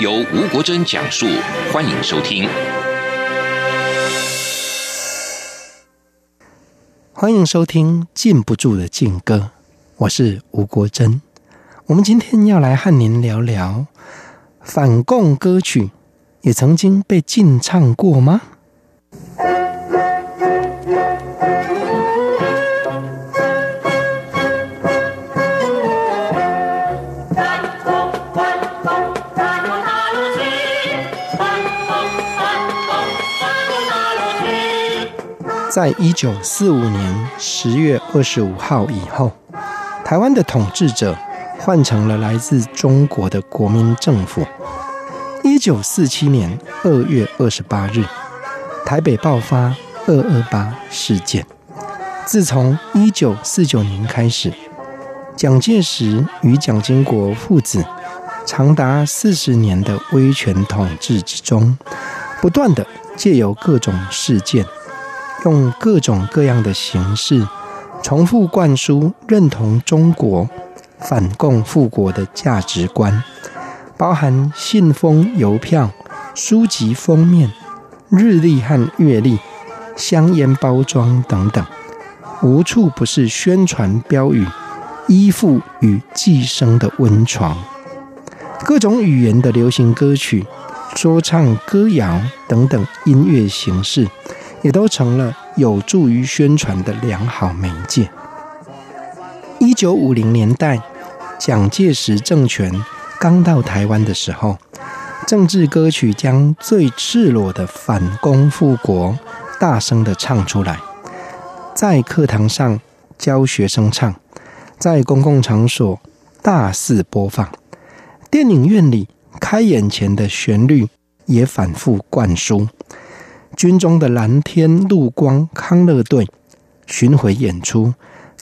由吳國珍講述，歡迎收聽。歡迎收聽《禁不住的禁歌》，我是吳國珍。我們今天要來和您聊聊反共歌曲，也曾經被禁唱過嗎？在一九四五年十月二十五號以後，台灣的統治者換成了來自中國的國民政府。一九四七年二月二十八日，台北爆發二二八事件。自從一九四九年開始，蔣介石與蔣經國父子長達四十年的威權統治之中，不斷的借由各種事件，用各種各樣的形式重複灌輸認同中國，反共復國的價值觀，包含信封、郵票、書籍封面、日曆和月曆、香菸包裝等等，無處不是宣傳標語，依附與寄生的溫床。各種語言的流行歌曲、說唱歌謠等等音樂形式，也都成了有助於宣傳的良好媒介。一九五零年代，蔣介石政權剛到台灣的時候，政治歌曲將最赤裸的反攻復國大聲地唱出來，在課堂上教學生唱，在公共場所大肆播放，電影院裡開演前的旋律也反復灌輸。軍中的藍天陸光康樂隊巡迴演出，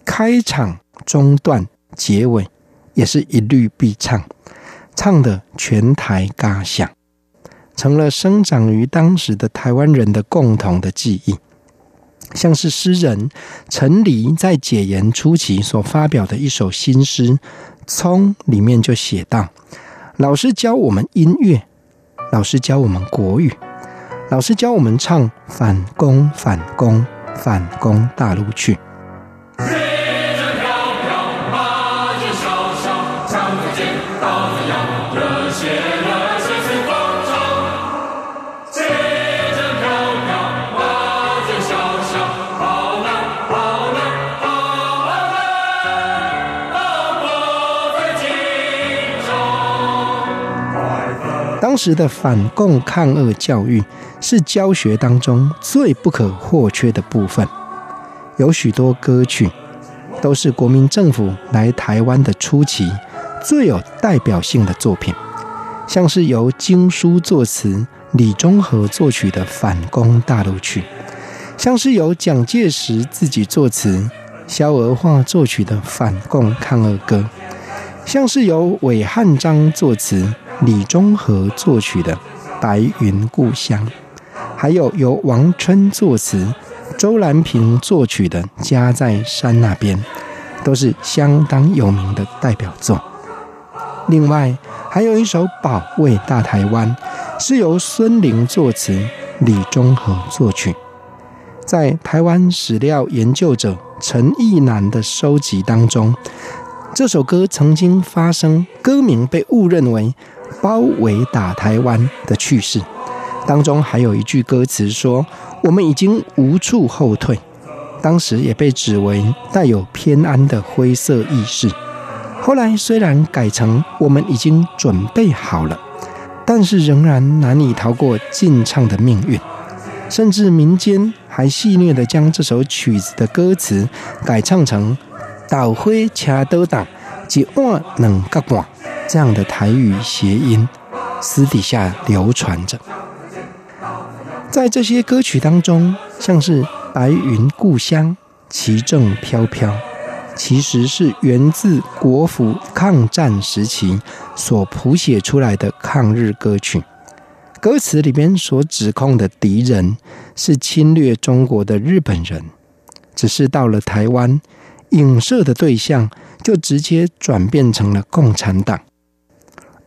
開場、中段、結尾，也是一律必唱，唱得全台嘎響，成了生長於當時的台灣人的共同的記憶。像是詩人陳黎在解嚴初期所發表的一首新詩《蔥》裡面就寫道：“老師教我們音樂，老師教我們國語。”老師教我們唱《反攻反攻反攻，攻大陸去》飄飄，旗正飄飄，馬正蕭蕭，槍在肩，刀在腰，熱血熱血似狂潮，旗正飄飄，馬正蕭蕭，好男好男好男兒，報國在今朝。當時的反共抗俄教育。是教學當中最不可或缺的部分。有許多歌曲都是國民政府來台灣的初期最有代表性的作品，像是由經書作詞、李中和作曲的《反攻大陸曲》，像是由蔣介石自己作詞、蕭而化作曲的《反共抗俄歌》，像是由韋瀚章作詞、李中和作曲的《白雲故鄉》。還有由王春作詞、周藍萍作曲的《家在山那邊》，都是相當有名的代表作。另外，還有一首《保衛大台灣》，是由孫陵作詞、李中和作曲。在台灣史料研究者陳逸南的收集當中，這首歌曾經發生歌名被誤認為“包圍打台灣”的趣事。當中還有一句歌詞說：“我們已經無處後退。”當時也被指為帶有偏安的灰色意識。後來雖然改成“我們已經準備好了”，但是仍然難以逃過禁唱的命運。甚至民間還戲謔地將這首曲子的歌詞改唱成“島灰掐都打吉安能夾管”，這樣的台語諧音，私底下流傳着。在這些歌曲當中，像是《白雲故鄉》《旗正飄飄》，其實是源自國府抗戰時期所譜寫出來的抗日歌曲。歌詞裡面所指控的敵人是侵略中國的日本人，只是到了台灣，影射的對象就直接轉變成了共產黨。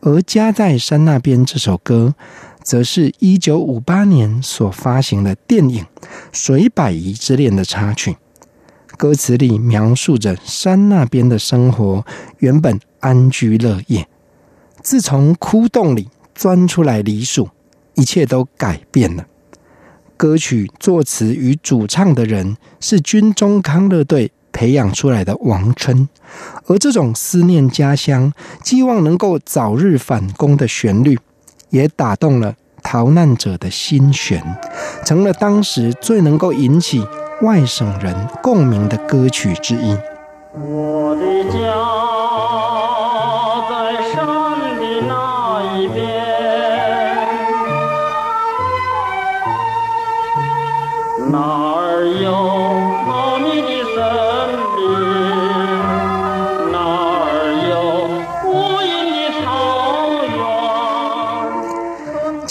而《家在山那邊》這首歌。則是一九五八年所發行的電影《水擺夷之戀》的插曲，歌詞裡描述着山那邊的生活原本安居樂業，自從窟洞裡鑽出來梨樹，一切都改變了。歌曲作詞與主唱的人是軍中康樂隊培養出來的王春，而這種思念家鄉、希望能夠早日反攻的旋律。也打動了逃難者的心弦，成了當時最能夠引起外省人共鳴的歌曲之一。我的家。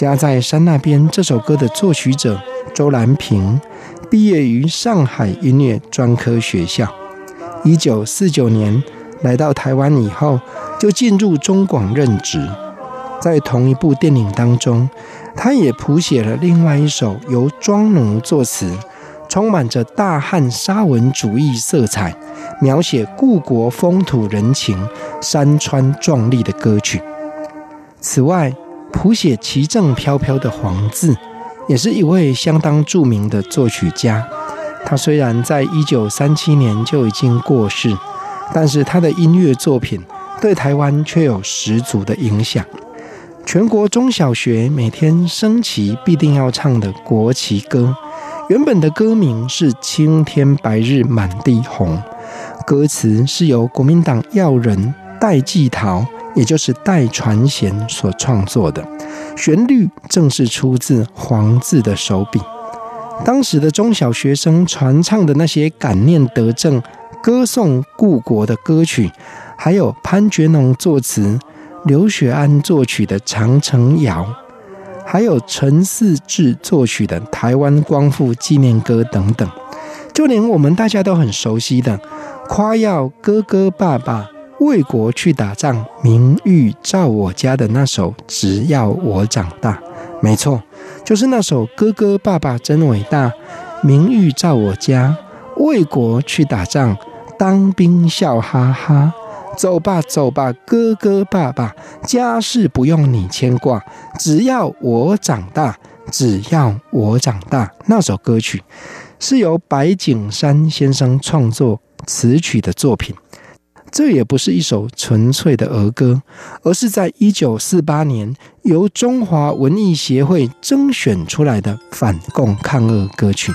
家在山那邊，這首歌的作曲者周藍萍，畢業於上海音樂專科學校。一九四九年來到台灣以後，就進入中廣任職。在同一部電影當中，他也譜寫了另外一首由莊奴作詞、充滿着大漢沙文主義色彩、描寫故國風土人情、山川壯麗的歌曲。此外，譜寫《旗正飄飄》的黃自，也是一位相當著名的作曲家。他雖然在一九三七年就已經過世，但是他的音樂作品對台灣卻有十足的影響。全國中小學每天升旗必定要唱的《國旗歌》，原本的歌名是《青天白日滿地紅》，歌詞是由國民黨要人戴季陶，也就是戴傳賢所創作的旋律，正是出自黃自的手筆。當時的中小學生傳唱的那些感念德政、歌頌故國的歌曲，還有潘覺農作詞、劉雪安作曲的《長城謠》，還有陳泗治作曲的《台灣光復紀念歌》等等，就連我們大家都很熟悉的《誇耀哥哥爸爸》。為國去打仗，名譽照我家的那首《只要我長大》。沒錯，就是那首《哥哥爸爸真偉大》，名譽照我家。為國去打仗，當兵笑哈哈。走吧走吧，哥哥爸爸，家事不用你牽掛。只要我長大，只要我長大。那首歌曲是由白景山先生創作詞曲的作品。這也不是一首純粹的兒歌，而是在一九四八年由中華文藝協會徵選出來的反共抗俄歌曲。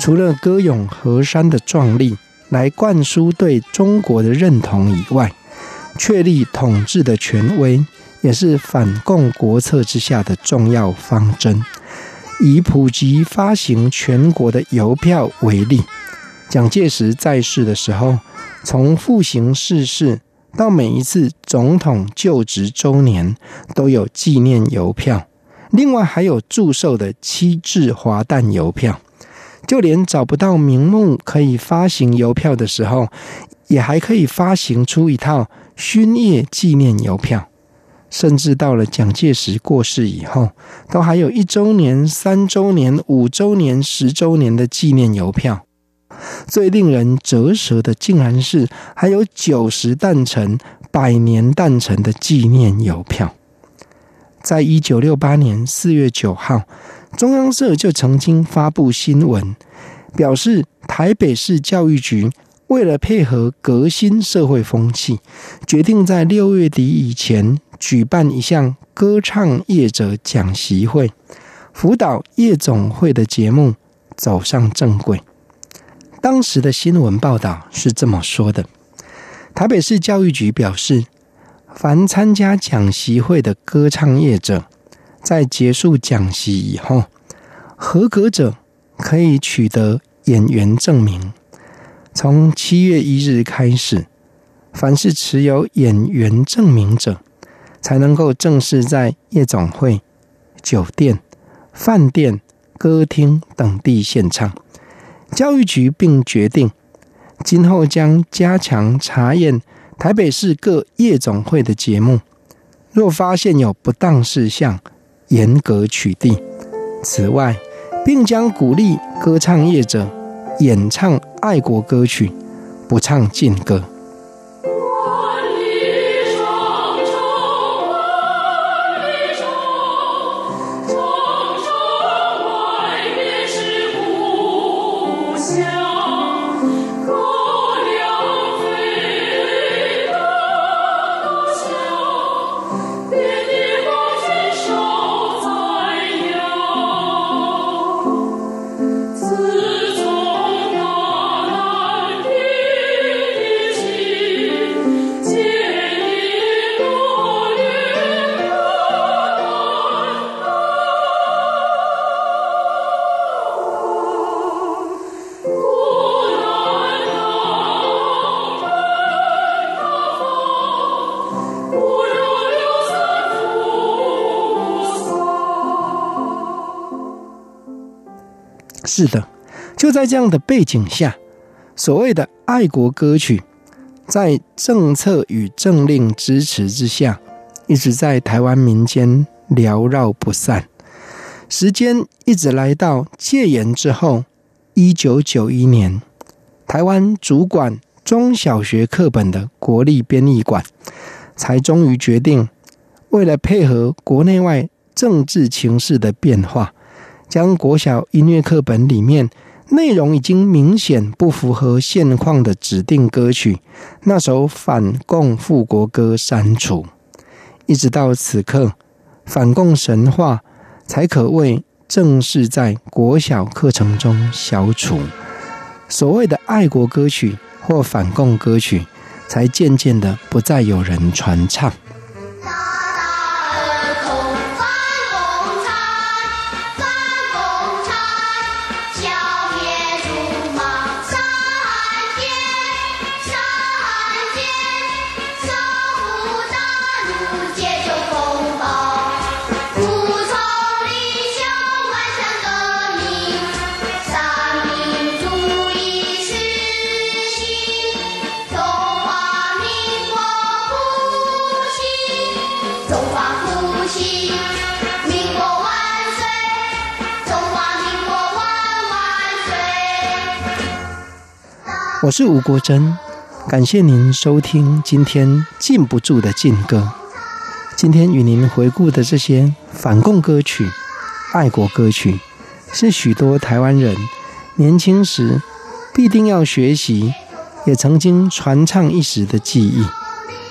除了歌詠河山的壯麗，來灌輸對中國的認同以外，確立統治的權威，也是反共國策之下的重要方針。以普及發行全國的郵票為例，蔣介石在世的時候，從復行視事到每一次總統就職週年，都有紀念郵票；另外還有祝壽的七秩華誕郵票。就連找不到名目可以發行郵票的時候，也還可以發行出一套勳業紀念郵票。甚至到了蔣介石過世以後，都還有一周年、三周年、五周年、十周年的紀念郵票。最令人咋舌的，竟然是還有九十誕辰、百年誕辰的紀念郵票。在一九六八年四月九號，中央社就曾經發布新聞，表示台北市教育局為了配合革新社會風氣，決定在六月底以前舉辦一項歌唱業者講習會，輔導夜總會的節目走上正軌。當時的新聞報道是這麼說的：台北市教育局表示，凡參加講習會的歌唱業者，在結束講習以後，合格者可以取得演員證明。從七月一日開始，凡是持有演員證明者，才能夠正式在夜總會、酒店、飯店、歌廳等地獻唱。教育局並決定，今後將加強查驗。台北市各夜總會的節目，若發現有不當事項，嚴格取締。此外，並將鼓勵歌唱業者演唱愛國歌曲，不唱禁歌。是的，就在這樣的背景下，所謂的愛國歌曲，在政策與政令支持之下，一直在台灣民間繚繞不散。時間一直來到戒嚴之後，一九九一年，台灣主管中小學課本的國立編譯館，才終於決定，為了配合國內外政治情勢的變化，將國小音樂課本裡面內容已經明顯不符合現況的指定歌曲，那首反共復國歌刪除。一直到此刻，反共神話才可謂正式在國小課程中消除。所謂的愛國歌曲或反共歌曲，才漸漸的不再有人傳唱。我是吳國禎，感謝您收聽今天禁不住的禁歌。今天與您回顧的這些反共歌曲、愛國歌曲，是許多台灣人年輕時必定要學習，也曾經傳唱一時的記憶。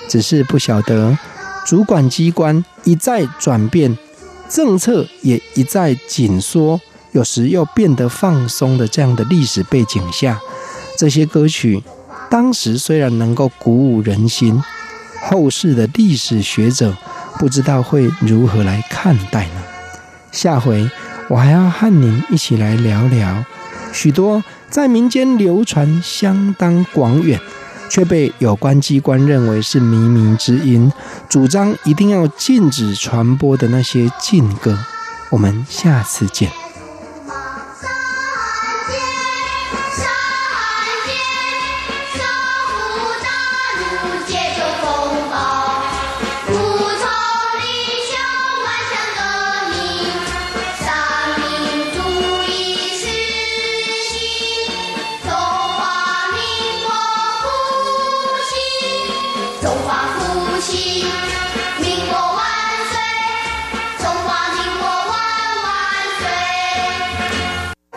只是不曉得主管機關一再轉變，政策也一再緊縮，有時又變得放鬆的這樣的歷史背景下。這些歌曲，當時雖然能夠鼓舞人心，後世的歷史學者不知道會如何來看待呢？下回我還要和您一起來聊聊，許多在民間流傳相當廣遠，却被有關機關認為是靡靡之音，主張一定要禁止傳播的那些禁歌。我們下次見。